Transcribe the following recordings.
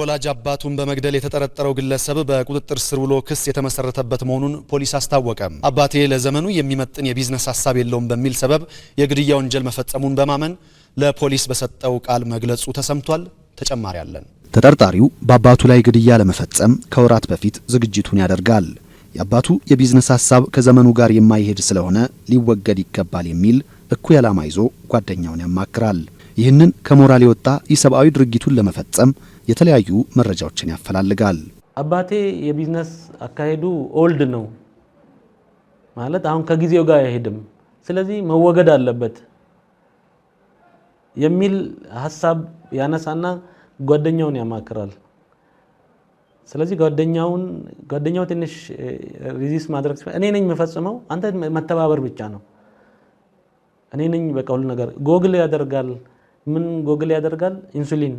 ወላጅ አባቱን በመግደል የተጠረጠረው ግለሰብ በቁጥጥር ስር ውሎ ክስ የተመሰረተበት መሆኑን ፖሊስ አስታወቀ። አባቴ ለዘመኑ የሚመጥን የቢዝነስ ሀሳብ የለውም በሚል ሰበብ የግድያ ወንጀል መፈጸሙን በማመን ለፖሊስ በሰጠው ቃል መግለጹ ተሰምቷል። ተጨማሪ አለን። ተጠርጣሪው በአባቱ ላይ ግድያ ለመፈጸም ከወራት በፊት ዝግጅቱን ያደርጋል። የአባቱ የቢዝነስ ሀሳብ ከዘመኑ ጋር የማይሄድ ስለሆነ ሊወገድ ይገባል የሚል እኩይ ዓላማ ይዞ ጓደኛውን ያማክራል። ይህንን ከሞራል የወጣ ኢሰብአዊ ድርጊቱን ለመፈጸም የተለያዩ መረጃዎችን ያፈላልጋል። አባቴ የቢዝነስ አካሄዱ ኦልድ ነው ማለት አሁን ከጊዜው ጋር አይሄድም፣ ስለዚህ መወገድ አለበት የሚል ሀሳብ ያነሳና ጓደኛውን ያማክራል። ስለዚህ ጓደኛውን ጓደኛው ትንሽ ሪዚስ ማድረግ እኔ ነኝ የምፈጽመው አንተ መተባበር ብቻ ነው እኔ ነኝ በቃ ሁሉ ነገር ጎግል ያደርጋል። ምን ጎግል ያደርጋል? ኢንሱሊን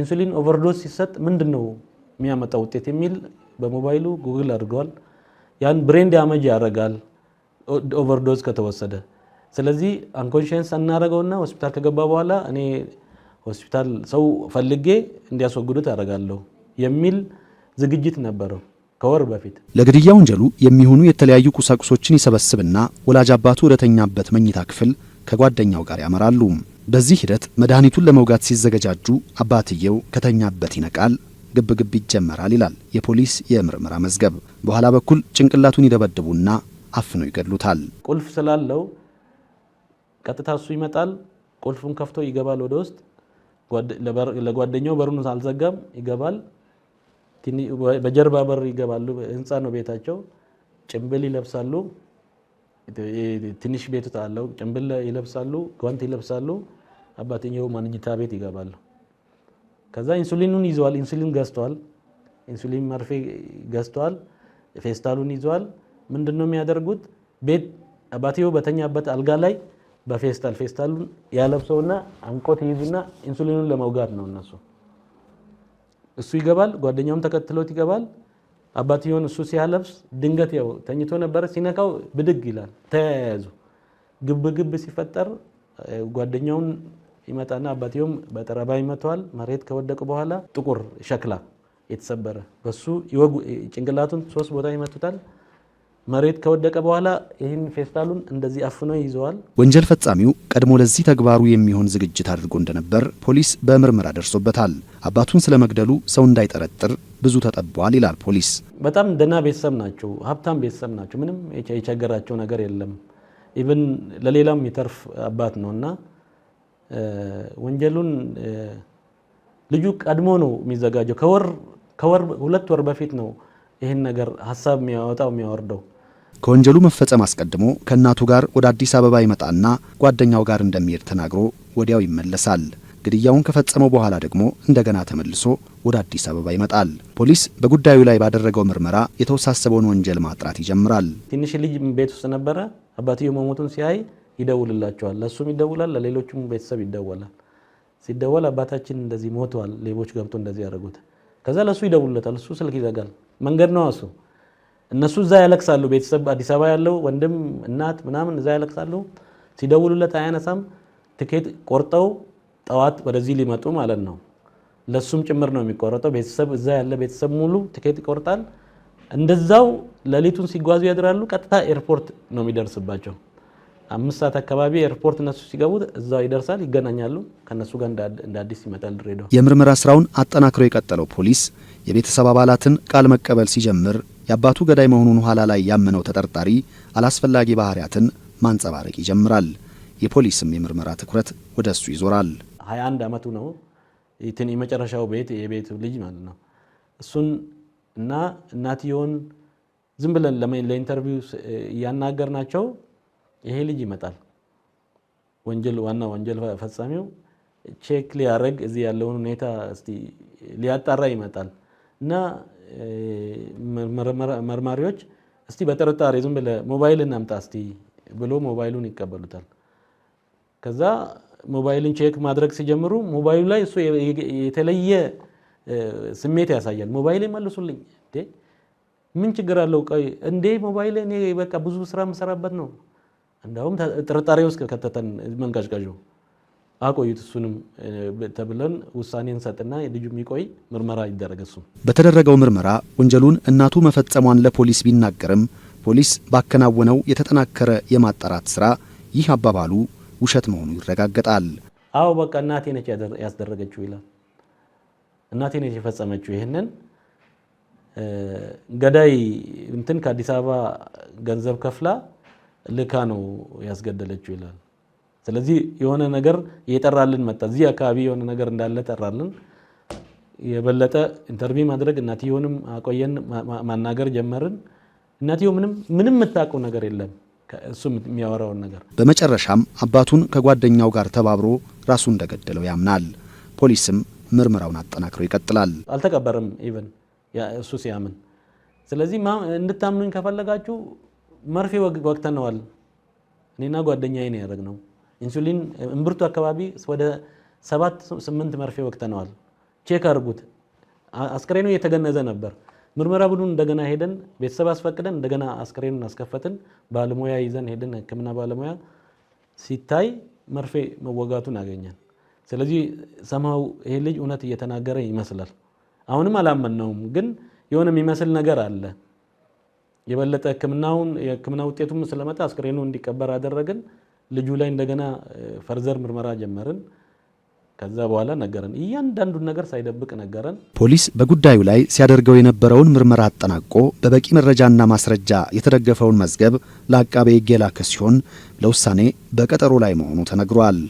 ኢንሱሊን ኦቨርዶዝ ሲሰጥ ምንድን ነው የሚያመጣ ውጤት የሚል በሞባይሉ ጉግል አድርገዋል። ያን ብሬን ዳሜጅ ያደርጋል ኦቨርዶዝ ከተወሰደ። ስለዚህ አንኮንሽንስ እናደርገውና ሆስፒታል ከገባ በኋላ እኔ ሆስፒታል ሰው ፈልጌ እንዲያስወግዱት አደርጋለሁ የሚል ዝግጅት ነበረው። ከወር በፊት ለግድያ ወንጀሉ የሚሆኑ የተለያዩ ቁሳቁሶችን ይሰበስብና ወላጅ አባቱ ወደተኛበት መኝታ ክፍል ከጓደኛው ጋር ያመራሉ። በዚህ ሂደት መድኃኒቱን ለመውጋት ሲዘገጃጁ አባትየው ከተኛበት ይነቃል። ግብግብ ይጀመራል ይላል የፖሊስ የምርመራ መዝገብ። በኋላ በኩል ጭንቅላቱን ይደበድቡና አፍነው ይገድሉታል። ቁልፍ ስላለው ቀጥታ እሱ ይመጣል። ቁልፉን ከፍቶ ይገባል ወደ ውስጥ። ለጓደኛው በሩን አልዘጋም፣ ይገባል። በጀርባ በር ይገባሉ። ህንፃ ነው ቤታቸው። ጭንብል ይለብሳሉ። ትንሽ ቤት አለው። ጭንብል ይለብሳሉ፣ ጓንት ይለብሳሉ። አባትየው ማንጅታ ቤት ይገባሉ። ከዛ ኢንሱሊኑን ይዘዋል። ኢንሱሊን ገዝተዋል። ኢንሱሊን መርፌ ገዝተዋል። ፌስታሉን ይዘዋል። ምንድን ነው የሚያደርጉት? ቤት አባትየው በተኛበት አልጋ ላይ በፌስታል ፌስታሉን ያለብሰውና አንቆት ይይዙና ኢንሱሊኑን ለመውጋት ነው እነሱ። እሱ ይገባል፣ ጓደኛውም ተከትሎት ይገባል። አባትየውን እሱ ሲያለብስ ድንገት ያው ተኝቶ ነበረ። ሲነካው ብድግ ይላል። ተያያዙ። ግብ ግብ ሲፈጠር ጓደኛውን ይመጣና አባትየውም በጠረባ ይመተዋል። መሬት ከወደቀ በኋላ ጥቁር ሸክላ የተሰበረ በሱ ጭንቅላቱን ሶስት ቦታ ይመቱታል። መሬት ከወደቀ በኋላ ይህን ፌስታሉን እንደዚህ አፍኖ ይዘዋል። ወንጀል ፈጻሚው ቀድሞ ለዚህ ተግባሩ የሚሆን ዝግጅት አድርጎ እንደነበር ፖሊስ በምርመራ ደርሶበታል። አባቱን ስለመግደሉ ሰው እንዳይጠረጥር ብዙ ተጠቧል ይላል ፖሊስ። በጣም ደህና ቤተሰብ ናቸው፣ ሀብታም ቤተሰብ ናቸው። ምንም የቸገራቸው ነገር የለም። ኢቭን ለሌላም የሚተርፍ አባት ነው እና ወንጀሉን ልጁ ቀድሞ ነው የሚዘጋጀው። ከወር ሁለት ወር በፊት ነው ይህን ነገር ሀሳብ የሚያወጣው የሚያወርደው ከወንጀሉ መፈጸም አስቀድሞ ከእናቱ ጋር ወደ አዲስ አበባ ይመጣና ጓደኛው ጋር እንደሚሄድ ተናግሮ ወዲያው ይመለሳል። ግድያውን ከፈጸመው በኋላ ደግሞ እንደገና ተመልሶ ወደ አዲስ አበባ ይመጣል። ፖሊስ በጉዳዩ ላይ ባደረገው ምርመራ የተወሳሰበውን ወንጀል ማጥራት ይጀምራል። ትንሽ ልጅ ቤት ውስጥ ነበረ። አባትየው መሞቱን ሲያይ ይደውልላቸዋል። ለእሱም ይደውላል፣ ለሌሎችም ቤተሰብ ይደወላል። ሲደወል አባታችን እንደዚህ ሞተዋል፣ ሌቦች ገብቶ እንደዚህ ያደረጉት። ከዛ ለእሱ ይደውልለታል። እሱ ስልክ ይዘጋል። መንገድ ነው እሱ እነሱ እዛ ያለቅሳሉ። ቤተሰብ አዲስ አበባ ያለው ወንድም እናት ምናምን እዛ ያለቅሳሉ። ሲደውሉለት አያነሳም። ትኬት ቆርጠው ጠዋት ወደዚህ ሊመጡ ማለት ነው። ለሱም ጭምር ነው የሚቆረጠው። ቤተሰብ እዛ ያለ ቤተሰብ ሙሉ ትኬት ይቆርጣል። እንደዛው ሌሊቱን ሲጓዙ ያድራሉ። ቀጥታ ኤርፖርት ነው የሚደርስባቸው። አምስት ሰዓት አካባቢ ኤርፖርት እነሱ ሲገቡ እዛው ይደርሳል። ይገናኛሉ። ከነሱ ጋር እንደ አዲስ ይመጣል ድሬዳዋ። የምርመራ ስራውን አጠናክሮ የቀጠለው ፖሊስ የቤተሰብ አባላትን ቃል መቀበል ሲጀምር የአባቱ ገዳይ መሆኑን ኋላ ላይ ያመነው ተጠርጣሪ አላስፈላጊ ባህሪያትን ማንጸባረቅ ይጀምራል። የፖሊስም የምርመራ ትኩረት ወደ እሱ ይዞራል። 21 ዓመቱ ነው። ይህትን የመጨረሻው ቤት የቤቱ ልጅ ማለት ነው። እሱን እና እናትየውን ዝም ብለን ለኢንተርቪው ናቸው። ይሄ ልጅ ይመጣል። ወንጀል ዋና ወንጀል ፈጻሚው ቼክ ሊያደርግ እዚህ ያለውን ሁኔታ ሊያጣራ ይመጣል። እና መርማሪዎች እስቲ በጥርጣሬ ዝም ብለህ ሞባይል እናምጣ እስቲ ብሎ ሞባይሉን ይቀበሉታል። ከዛ ሞባይልን ቼክ ማድረግ ሲጀምሩ ሞባይሉ ላይ እሱ የተለየ ስሜት ያሳያል። ሞባይል መልሱልኝ፣ ምን ችግር አለው? ቆይ እንዴ ሞባይል እኔ በቃ ብዙ ስራ የምሰራበት ነው። እንዳውም ጥርጣሬ ውስጥ ከተተን መንጋጭጋዡ አቆዩት እሱንም ተብለን ውሳኔ እንሰጥና ልጁ የሚቆይ ምርመራ ይደረግ። እሱም በተደረገው ምርመራ ወንጀሉን እናቱ መፈጸሟን ለፖሊስ ቢናገርም ፖሊስ ባከናወነው የተጠናከረ የማጣራት ስራ ይህ አባባሉ ውሸት መሆኑ ይረጋገጣል። አዎ በቃ እናቴ ነች ያስደረገችው ይላል። እናቴ ነች የፈጸመችው። ይህንን ገዳይ እንትን ከአዲስ አበባ ገንዘብ ከፍላ ልካ ነው ያስገደለችው ይላል። ስለዚህ የሆነ ነገር እየጠራልን መጣ። እዚህ አካባቢ የሆነ ነገር እንዳለ ጠራልን። የበለጠ ኢንተርቪ ማድረግ እናትየውንም አቆየን፣ ማናገር ጀመርን። እናትየው ምንም ምንም የምታውቀው ነገር የለም እሱ የሚያወራውን ነገር። በመጨረሻም አባቱን ከጓደኛው ጋር ተባብሮ ራሱ እንደገደለው ያምናል። ፖሊስም ምርመራውን አጠናክሮ ይቀጥላል። አልተቀበረም ኢቨን እሱ ሲያምን። ስለዚህ እንድታምኑኝ ከፈለጋችሁ መርፌ ወቅተነዋል። እኔና ጓደኛዬ ነው ያደረግነው። ኢንሱሊን እምብርቱ አካባቢ ወደ ሰባት ስምንት መርፌ ወቅተነዋል። ቼክ አድርጉት። አስክሬኑ እየተገነዘ ነበር። ምርመራ ቡድን እንደገና ሄደን ቤተሰብ አስፈቅደን እንደገና አስክሬኑን አስከፈትን። ባለሙያ ይዘን ሄደን ሕክምና ባለሙያ ሲታይ መርፌ መወጋቱን አገኘን። ስለዚህ ሰማው ይሄ ልጅ እውነት እየተናገረ ይመስላል። አሁንም አላመነውም፣ ግን የሆነ የሚመስል ነገር አለ። የበለጠ ሕክምናውን የሕክምና ውጤቱም ስለመጣ አስክሬኑ እንዲቀበር አደረግን። ልጁ ላይ እንደገና ፈርዘር ምርመራ ጀመርን። ከዛ በኋላ ነገረን፣ እያንዳንዱን ነገር ሳይደብቅ ነገረን። ፖሊስ በጉዳዩ ላይ ሲያደርገው የነበረውን ምርመራ አጠናቆ በበቂ መረጃና ማስረጃ የተደገፈውን መዝገብ ለአቃቤ ሕግ የላከ ሲሆን ለውሳኔ በቀጠሮ ላይ መሆኑ ተነግሯል።